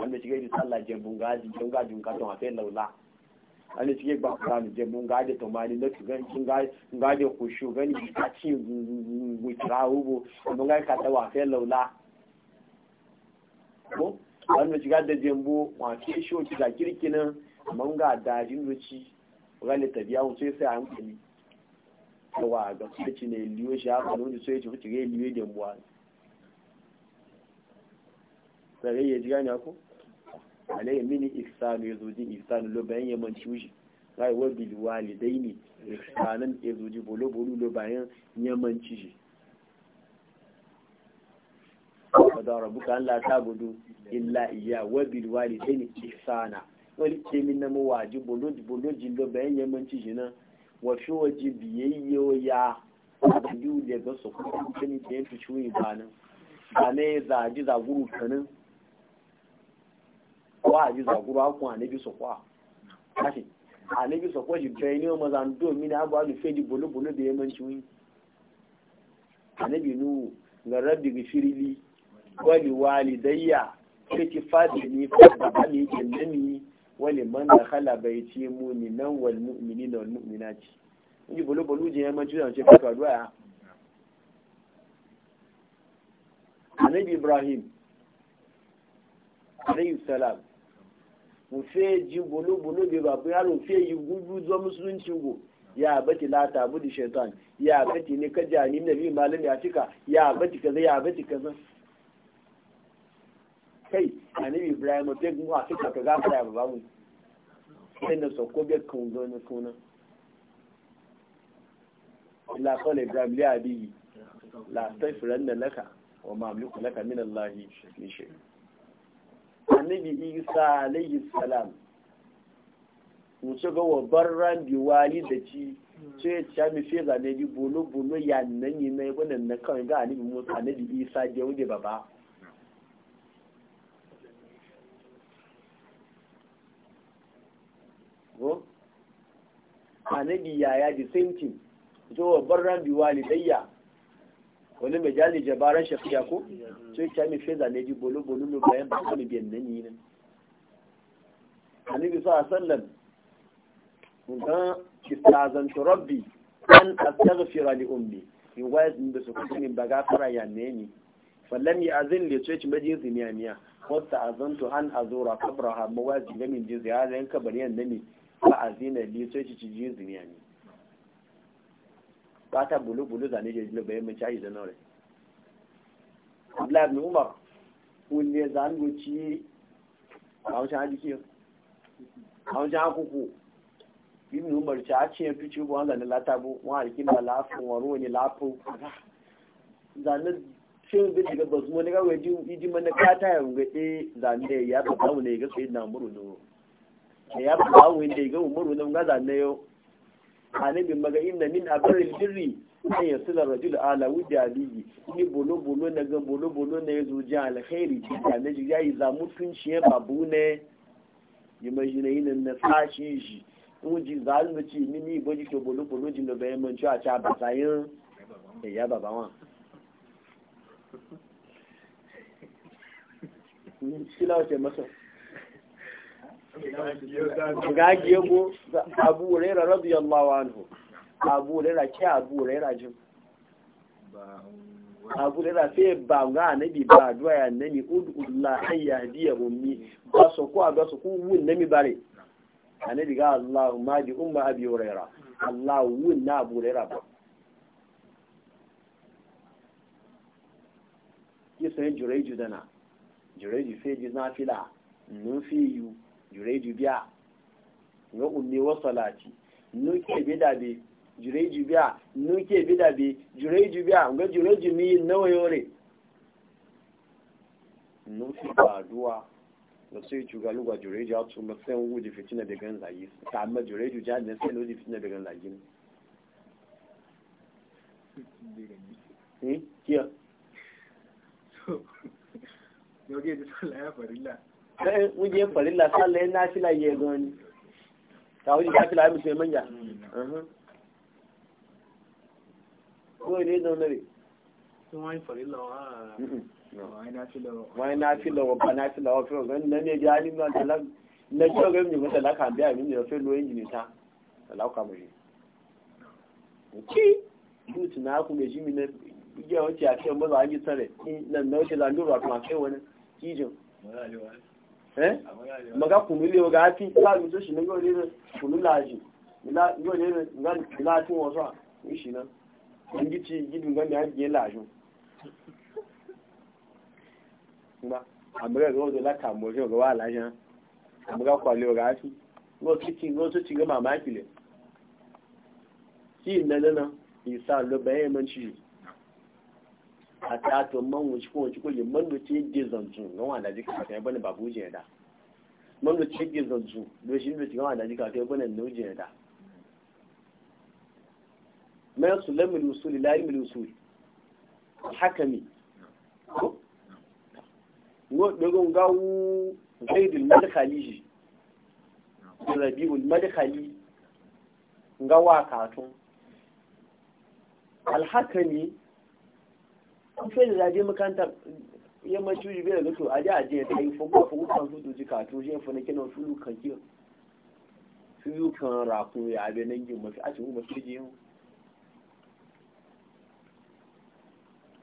wanda shi gaji sallah jebun gaji jebun gaji ka ton akai laula an shi ba ka ni jebun gaji to mali da kigan kin gaji gaji ku shu gani ka ci wi trawo bo mun ga ka tawa akai laula ko an shi gaji da jembo wa ke sho ki da kirkinan mun ga dajin ruci ga le tabiya sai sai an kuli wa ga su sai ne liyo shi haka ne sai ci fice gai liyo da buwa sai ya ji gani ko alai mini ya zoji ihsanu lo bayan yaman ciuji rai wa dai ne walidaini ya zoji bolo bolo lo bayan yaman ciuji kada rabbuka an lata gudu illa iya wa dai ne ihsana wani ce min na mawaji wajibu bolo jin lo bayan yaman ciuji na wafi waje biyayyo ya biyu da daga su kuma kani da yanzu ciwo ba nan ba ne ji zaguru kanin kwa ji zaguru akun anabi su kwa kashi anabi su kwa ji training wa maza ndo mini abu alu feji bolo bolo da yaman ciwo anabi nuhu ga rabbi gifirili wali walidayya kake fadi ne fadi da ne ke nami wani man da hala bai ce nan wal mu'mini na wal mu'minati in ji bolo bolo je yamma tunan ce fata addu'a ya annabi ibrahim alayhi salam mu fe ji bolo bolo be babu yaro fe yi gugu zo musulunci go ya bati la ta budi shaitan ya bati ne ka jani nabi malami ya ya bati kaza ya bati kaza kai anibi ibrahim ta gun a suka ka gafara ya sai na sako kan zo suna la kawai ibrahim li abiyi la taifiran da laka wa mamliku laka min allahi min shi annabi isa alayhi salam mu ga wa barran biwali da ci ce ya mi fe zane bi bolo bolo ya nan yi na yi wannan na kawai ga isa je wuce baba annabi yaya da same thing to wa barran bi walidayya wani mai jali jabaran shafiya ko sai ta mi feza ne ji bolo bolo no bayan ba ko biyan nan ni nan annabi sallallahu alaihi wasallam ga istazan to rabbi an astaghfira li ummi in wayas min da su kuma ba gafara ya ne ni fallam ya azin li sai ci majin zimiya miya wasta azantu an azura qabraha mawazi min jiziya zan kabari yan nan ni ba a zina biyu sai ci cijin zuniya ne ba ta bulu-bulu zane ke jilo bayan mai caji da nore abdullahi umar kulle zango ci a wancan hajjiki a ku, hakuku ibn umar ci a cikin fi cikin wanda na latabu wani rikin da lafin waro ne lafin zane cikin zai shiga basu wani gawai idi mana kata ya rungaɗe eh, zane ya ta samu ga tsaye na muru ne da ya fi kawo wanda ya ga umaru nan gaza na yau a annabi maga ina min a abaril birri an yasila rajul ala wudi aliyi ni bolo bolo na ga bolo bolo na zo ji alkhairi ji ta ne ya yi za shi ya babu ne yi majina yi na sashi shi in ji za a ci ni ni boji to bolo bolo ji na bayan manci a ta basayin eh, ya baba wa kila ce masa ga gaji yabo abu rera radiyallahu anhu abu rera ke abu rera jim abu rera sai ba ga anabi ba addu'a ya nani udullah ay yahdiya ummi ba so ko aga so ku wun nami bare annabi ga allah ma ji umma abi rera allah wun na abu rera ba kisan jureju dana fe ji na fila nun fi yu jureju biya ga ummi wa salati nuke bida bi jureju biya nuke bida bi jureju biya ga jureju mi nawa yore nufi ba duwa da sai juga ga jureju a tun masayan wuji fitina da gan zagi ta amma jureju jihar da sai lodi fitina da gan zagi ne kiya yau ke ji sallah ya farilla wuje farilla sallah ya ya ta wuce manya ko ne wa wa wa fi fi na a cikin maza an nan na kuma kai wani kijin Eh? maga kunu ile ga ati ka mi so shi ne go lere kunu laji ila go lere ngan ila ti won so ni shi na ngi ti gidu ngan ya je laju ngba amre go de la ka mo jo go wa lajan amga kwa le ga ati go ti ti go so ti ga mama kile ti nana na sa lo bayan man shi a tato man wuce ko wuce ko yi man da ce ge zanzu ga wanda jika ka ya bane babu e je da man da ce ge zanzu da shi da cikin wanda jika kai bane nau je da ma sulamul usuli la ilmul usuli mi ko ngo dogo ngawu zaidul madkhali rabiul madkhali ngawa katun alhakami an fi da zaje makaranta yammacin yi bai da a aje aje da yi fogo fogo kan su duji ka to jefa na kina su kan kiyar su kan rakun ya abe nan yi mafi a cikin mafi yi.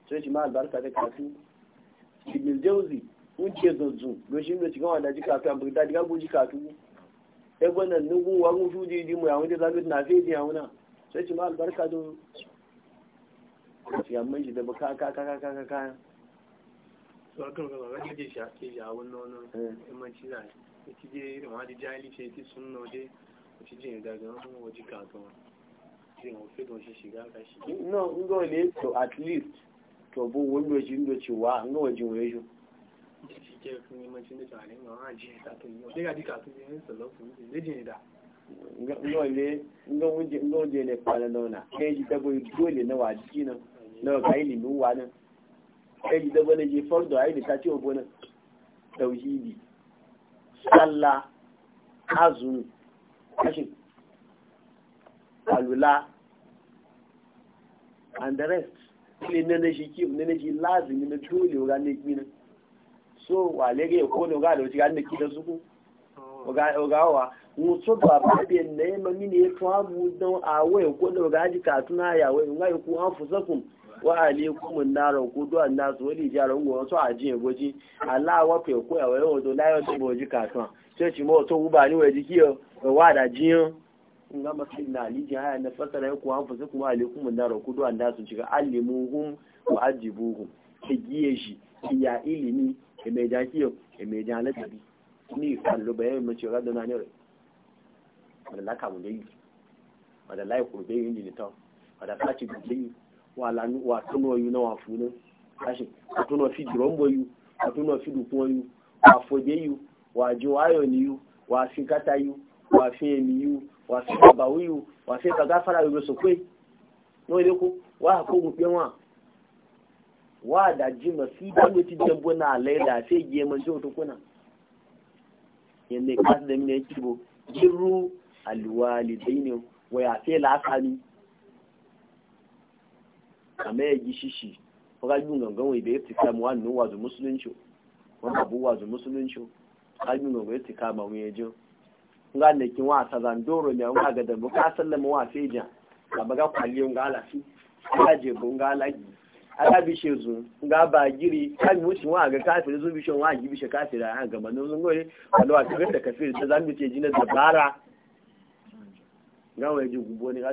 sai shi ma albarka da kasu ibn jauzi mun ce zanzu don shi ne cikin wanda ji kasu a da diga guji kasu ebe nan nugu wa guji di mu ya wani zabi na fe di ya wuna sai shi ma albarka da ya mai shi da ka kaka kaka kaka kaya su aka gaba wani da shafe ya wani wani eh. imanci na ya ci je irin wani jahili ce ti sun node ya ci je daga wani waje kakawa zai mafi don shi shiga kashi no ngo ne to at least to bu wani shi ndo ci wa ngo waje wa yasho shi ke kun da ma je ta dika je da ngo ngo ne ji dole na wa na ka ilimin wa nan ɗari da bane je fardo a yi ta ce obo nan tauhidi sallah azumi kashin alula and the rest ile nene shi ki nene shi lazimi na tole wa ne ki nan so wa lege ko no wa da ga ne ki da su ko ga wa mu so ba ba de ne ma mini e to abu don awe ko no ga ji ka tuna ya we ngai ku an fusakun wa alaikum naro kudu annas wali jaran go so aji goji ala wa pe ko e o do layo to boji katon se ti mo to uba ni we di ki o wa da jiyan nga masu na alijin haya na fasara ya kuwa hanfasa kuma alaikum naro kudu annas sun alimu alimuhum wa ajibuhum ki giye shi ya ilimi ke mai jakiyo ke mai jalatabi ni kallo bayan mace radda na ne wadda laka mu dai wadda layi kurbe yin jinitan wadda kaci dubbe wa tuno na wa funu kashi a fi jirombo yu a tuno fi dukun yu wa yu wa ji ni yu wasinkata yu wa fi yu wa yu wa fi kaga fara yu so kwe no ile ko wa ko mu pe wa wa da ji ma fi da lo ti dembo na le da fe je ma jo to kuna yenne kas da mi ne kibo jirru alwalidaini wa ya fe la asali amma ya gishi shi rajin gangan wai da ya tika mu wannan wazu musulunci wanda bu wazu musulunci rajin gangan ya tika ma mu yajin nga ne kin wa ta doro ne wa ga da mu ka sallama wa feja ka baga kwaliyo nga alafi ka je bu nga alagi ala bi she zu ga ba giri kan mu shi wa ga kafiri zu bi shi wa gi bi shi kafiri an ga manon zun gore alwa ka ga da kafiri da zan bi ce jinin da bara nga wai ji gubo ne ga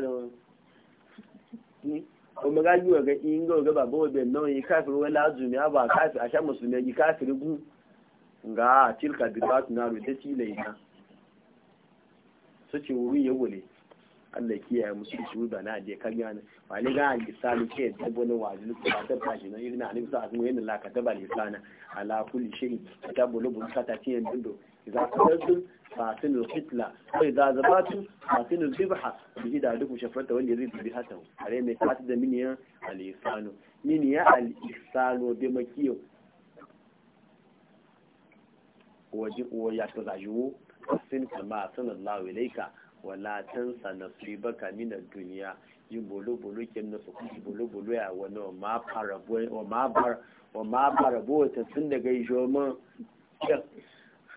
ni kuma ga yi ga in ga ga babu yi kafir wai lazumi a ba kafir a sha musulmi yi kafir gu nga tilka bidatu na na su ce wurin ya wule Allah kiyaye musu shi ba na je kan yana wani ga lisani ke da ta na irin sa la ka ta ba lisana ala kulli shay ta bulu ta dindo idan ka fatinul hitla kai za zabatu fatinul zibha bi gida duk shafarta wanda zai bi hata are mai fati da miniyan al miniyan al-ihsanu bi makiyo waje uwa ya ta zajuwo sin kama sallallahu ilaika wala tansa nasibaka min ad-dunya yin bolo-bolo kem na su kuci bolo-bolo ya wani wa ma fara bota sun daga yi shoman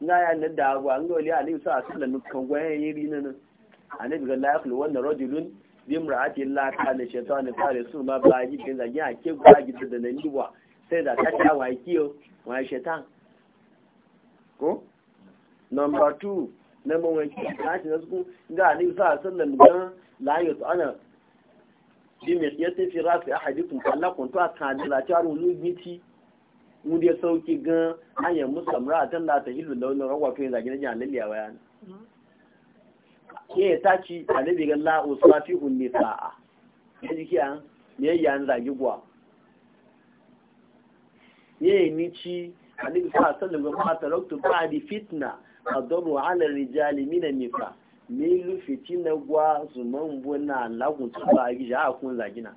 na ya nan da abu an gawali a laifin sa'a sallan nukan gwayan yiri na nan a nabi ga laifin wannan rajulun bin ra'ati la ka da shaitan ne fare su ma ba yi kin zagi a ke gwa gidi da nan diwa sai da tashi a wa kiyo wa shaitan ko number 2 na mun wani shi na su ga ne sa'a sallan gan la yasu ana bi mai yatin fi rafi ahadikum allakun to a kan da la ta rulu giti Mu dai sauki gan hanyar musamman a tan da ta hilu wani rawa kai zagi na jihar lalliya bayan ke ta ci a nabi ga la'o safi unni sa'a ya jiki an ne ya an zagi gwa ya yi ni ci a nabi sa sallin ga mata rautu ba di fitna a dobo halar rijali mina nifa ne ilu na gwa zuman buna lagun tuba a gija a kun zagina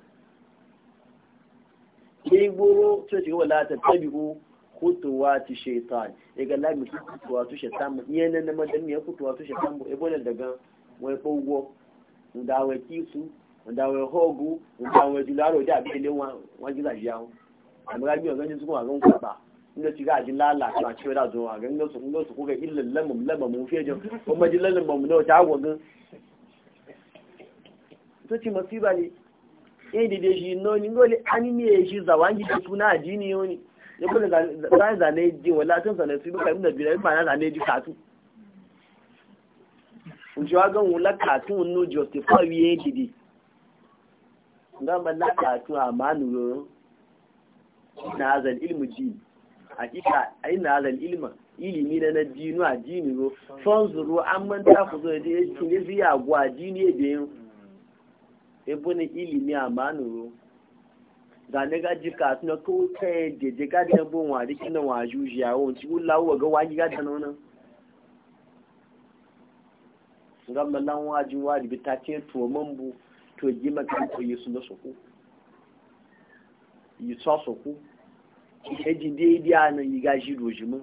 ke goro to ce wala ta tabi'u kutuwa ti shaitan daga e lami su kutuwa tu shaitan mu iya nan nama da miya kutuwa tu shaitan mu ebola daga wai kogo da wai kisu da wai hogu da wai jularo da bi ne wa wa gida jiyawo amma ga biyo ganin su kuma gan kwaba inda ci ga jin lalace a cewa da zuwa gan ga su gan su kuka illan lamam lamam mu fiye kuma jin lamam mu ne ta gwagun to ci masiba ne yadda da shi ni ani shi zawangi da suna yoni zane zane ji wala kan zane su duka inda bira ma zane ji katu unji wa wala katu no justify ye didi nga ma la katu amanu yo na azal ilmu ji hakika ai na azal ilimi na na dinu a dinu yo fanzuru ku zo ne gwa dini ebe ne ilimi a manuro ga ne gaji kasu na ko kai deje gadi na bon wa dike na wa juji a won ci gula wa ga wani gadi na wannan ngam malan wajin wari bi ta ce to mambu to ji maka ko yesu na soko yi so soko eji dai dia na yi gaji doji mu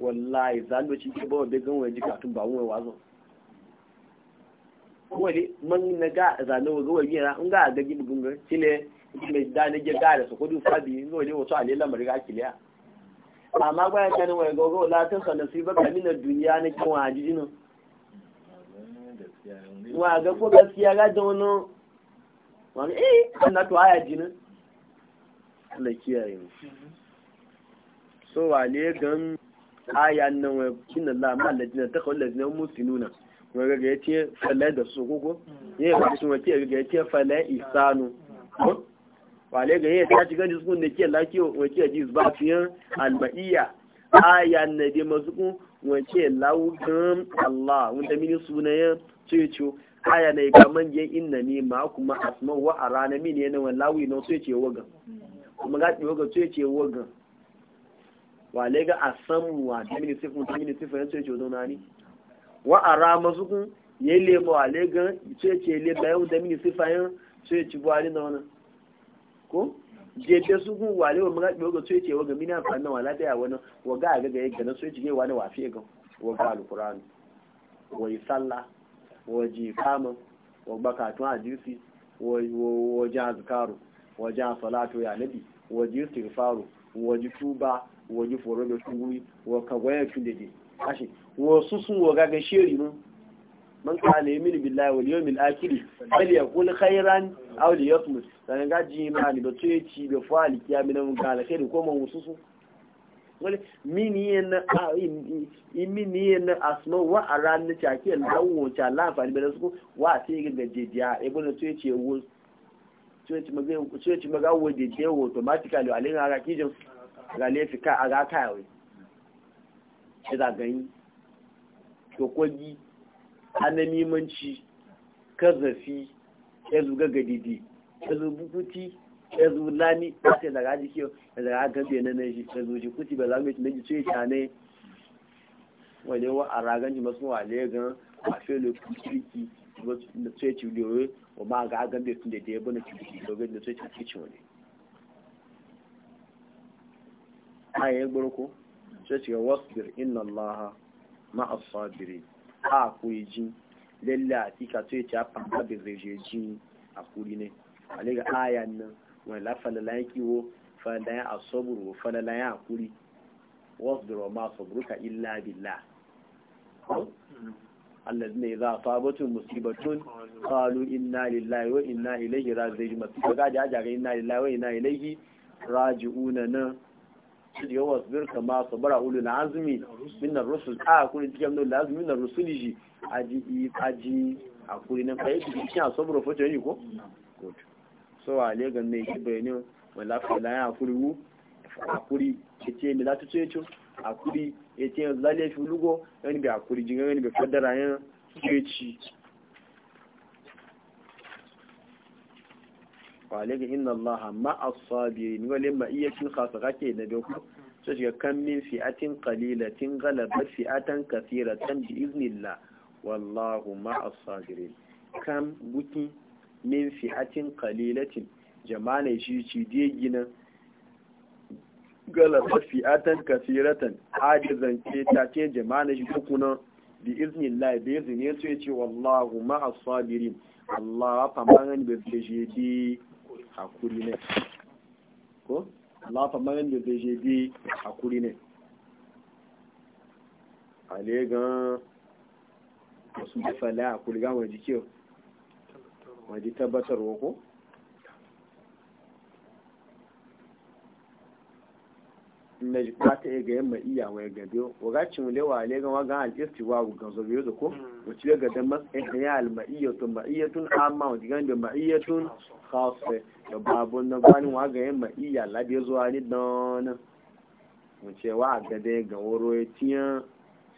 wallahi zan do ci ba be gan wa ji katun ba won wa zo kowane man na ga zane wa zuwa biyana in ga ga gibi gungun cile mai da na ga da su kudu fadi in wani wasu a. mari ga kiliya amma bayan kanin wani gogo latin sa kami na duniya na kin waji jinin wa ga ko gaskiya ga da wani wani eh na ya aya nan Allah kiyaye mu so ne gan ayan nan wa kinna la ma alladina taqaw alladina muslimuna wani ga ya ce falai da su gugu? ya yi bakin wake ga ya ce falai isanu wale ga ya ta shiga jisun da ke laki wake ji ba fiye almaiya aya na dai masu wake laugan allah wanda mini sunayen cece aya na ga manyan inna ni ma kuma asma wa a ranar mini yana lawi na su ce wagan kuma ga ce wagan su ce wagan wale ga asamu ta mini sifin ta mini sifin ya ce wajen na wa ara mazukun ya yi lebo a legan ce ce le bayan da mini sifayin ce ci buhari na wani ko jefe su wa wale wa mura ɗoga ce ce waga mini amfani na wala daya wani ga a gaga yake na ce ci wani wafe ga waga alkurani wa yi sallah wa ji kama wa bakatun hadisi wa ji azkaru wa ji salatu ya nabi wa ji istighfaru wa ji tuba wa ji foro da shuguri wa kagwayar tun da ashe wasu sun waga ga shiri mun man kana yamin billahi wal yawmil akhir bal yaqul khairan aw li yasmut dan ga ji imani da tuye ci da fali kiya min mun kana kai ko man wasu su wale mini yana a mini yana asma wa aran ne ta ke lawo ta la fali da su wa ti ga gajejiya ibn da e bo wo tuye ci wo tuye ci maga e wo de je automatically alin ara kijin ga lefi ka aga kai za gani tokwagi anamimanci kazafi ya zuga gadidi ya zubu kuti ya zubu zulani ba sai daga jiki ya daga gabe na naji shi ya zuci kuti ba zamu ci naji ce ta ne wale wa a ragan ji masu wa legan a felo kiriki da ce ci lewe wa ma ga gabe tun da ya bane kiriki da da ce ci kici wani a yayin gurko sai ce wasbir inna allaha ma'as sabirin a ku ji lalle a tika sai ce fanta da rejeji a kuri ne a daga ayan nan wani lafalalan kiwo falalayan asaburu falalayan akuri wasbir wa ma sabruka illa billah الذين إذا أصابتهم مصيبة قالوا إنا لله وإنا إليه راجعون مصيبة قاعدة أجعل إنا لله وإنا إليه راجعون da yawa su birka ma su bara ulu na azumi minar rusul a kuri cikin nuna azumi na Rusul ji aji aji a kuri na fayi su cikin a saboda fata yi ko? good so a legan ne ki bayanin wala fala ya kuri wu a kuri ke ce mi lati ce ce a kuri ya ce yanzu lalafi lugo yan bi a kuri jin yan bi fadara yan ce ci kwale ga inna Allah ma'as sabirin wale ma'iyyacin khasa kake na biyu sai shiga kan min fi'atin qalilatin ghalabat fi'atan kathiratan bi iznillah wallahu ma'as sabirin kam guki min fi'atin qalilatin jama'a shi ci de gina galabat fi'atan kathiratan ajizan ce ta ce jama'a shi kuna bi iznillah bi izni sai ce wallahu ma'as sabirin Allah fa mangani be hakuri ne ko lafa mayan da zai je bi hakuri ne ale gan wasu fala hakuri gan waje kiyo waje tabbatarwa ko na ji fata ya ga yamma iya wa hmm. e ya gabe e wa ga cin lewa ne ga wa e al istiwa wa ga zo da ko wa ci ga dan mas hanyar ya tun ma'iyatu ma'iyatun amma wa digan da ma'iyatun kawai da babu na bani wa ga yamma iya labi zuwa ni don mu ce wa ga da ga woro ya tiya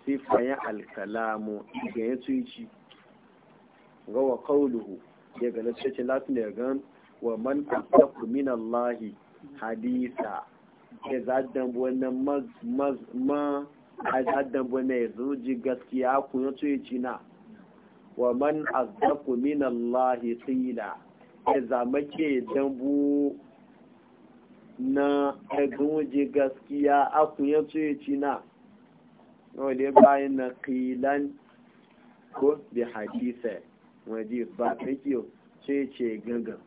sifayen alkalamu ga ya tuci ga wa qawluhu ya ga na latin da gan wa man asdaqu min lahi hadisa ke za wannan wani ma a zaddan wannan zuji gaskiya ku ya ce cina wa man azzaku min Allah qila ke zamake dambu na zuji gaskiya aku ya ce cina wani bayan na qilan ko bi hadisa waje ba take ce ce gangan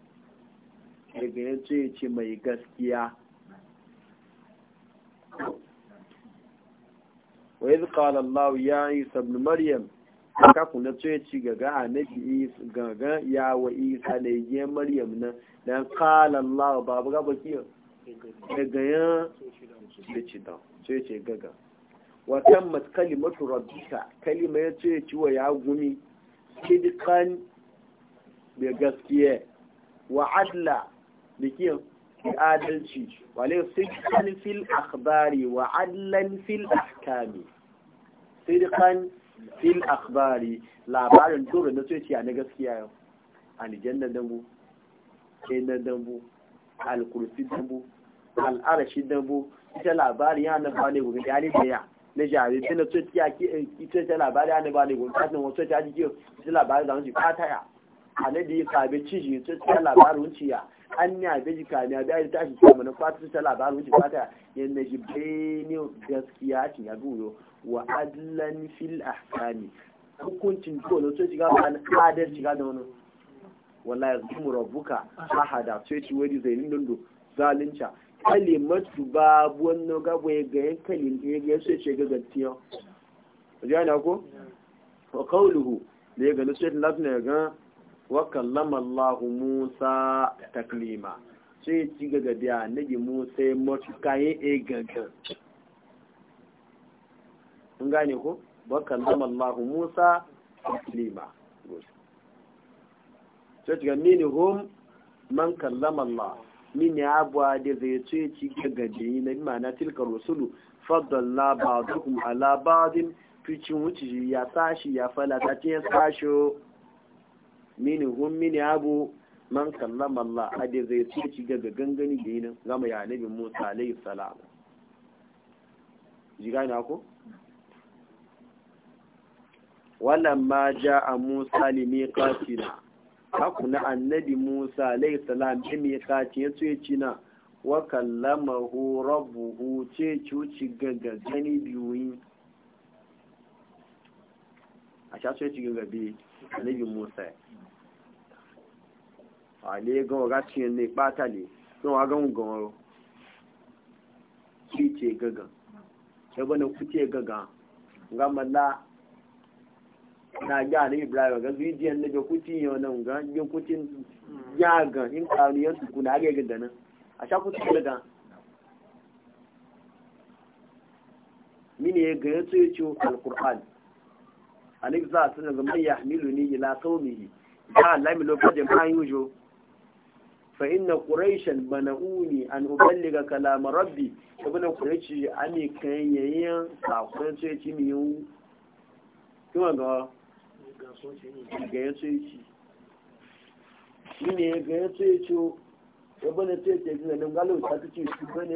daga ya ce mai gaskiya wa iz qala Allah ya Isa ibn Maryam ka kuna ce ci gaga annabi Isa gaga ya wa Isa ne ya Maryam na dan qala Allah babu ga baki daga ya ce ci da ce ce gaga wa tammat kalimatu rabbika kalima ya ce ci wa ya gumi sidqan da gaskiya wa adla da kiyan adalci wale sidqan fil akhbari wa adlan fil ahkami sidqan fil akhbari labarin tura na tsoyaciya na gaskiya yau aljanna dambu kenan dambu alkursi dambu al'arashi dambu ita labari ya na bane gobe ya ne da ya na jari ta na tsoyaciya ita ta labari ya na bane gobe ta na wasu ta jikiyo ita labari da wani ji fataya. a na da ya sabi ciji tsoyaciya labarin ciya an ne a beji kami a biya ta tashi kama na fatu ta labarin wuce fata yadda shi bene gaskiya shi ya goyo wa adlan fil ahkami hukuncin dole sai shiga ba an adal shiga da wani wala ya zumu rabbuka ahada sai ci wani zainin dundu zalunca kalimatu babu wannan gabo ya ga yan kalim ya ga sai ce ga gattiya ji ana ko wa qawluhu da ya ga sai lafna ya ga wa kallama Allah Musa taklima sai ci gaga biya nabi Musa ya matuka kayan e gaga kun gane ko wa kallama Allah Musa taklima sai ci ga mini hum man kallama Allah mini abuwa da zai ce ci gaga da yi na tilka tilkar rusulu faddalla ba'dukum ala ba'din fi cin wuce ya sashi ya falata ce sasho mini hun mini abu man kallama Allah hade zai so ci ga gangani da yinin zama ya nabi Musa alayhi salam ji gani ko walamma ja'a Musa haku na annabi Musa alayhi salam ya ce ci na wa kallamahu rabbuhu ce ci gaga gani biyu a sha ce ci gaga biyu nabi musa ale gan ọ̀gá tiyan ne ní pátálì ní wọ́n gan ọ̀rọ̀ kí tí ẹ gangan ẹgbọ́n ní kú nga mọ́lá na ga ní ibrahim ga zuwa díẹ̀ ní kú tí yẹn nga ní kú tí yá gan ní yan yẹn tukù ní agẹ́ gangan náà àṣà kú tí ẹ gangan mí ni ẹ gan alif za a suna zaman ya hamilu ni ila saumihi ya alami lokacin ma yi wujo fa inna quraishan mana'uni an uballiga kalam rabbi ibn quraishi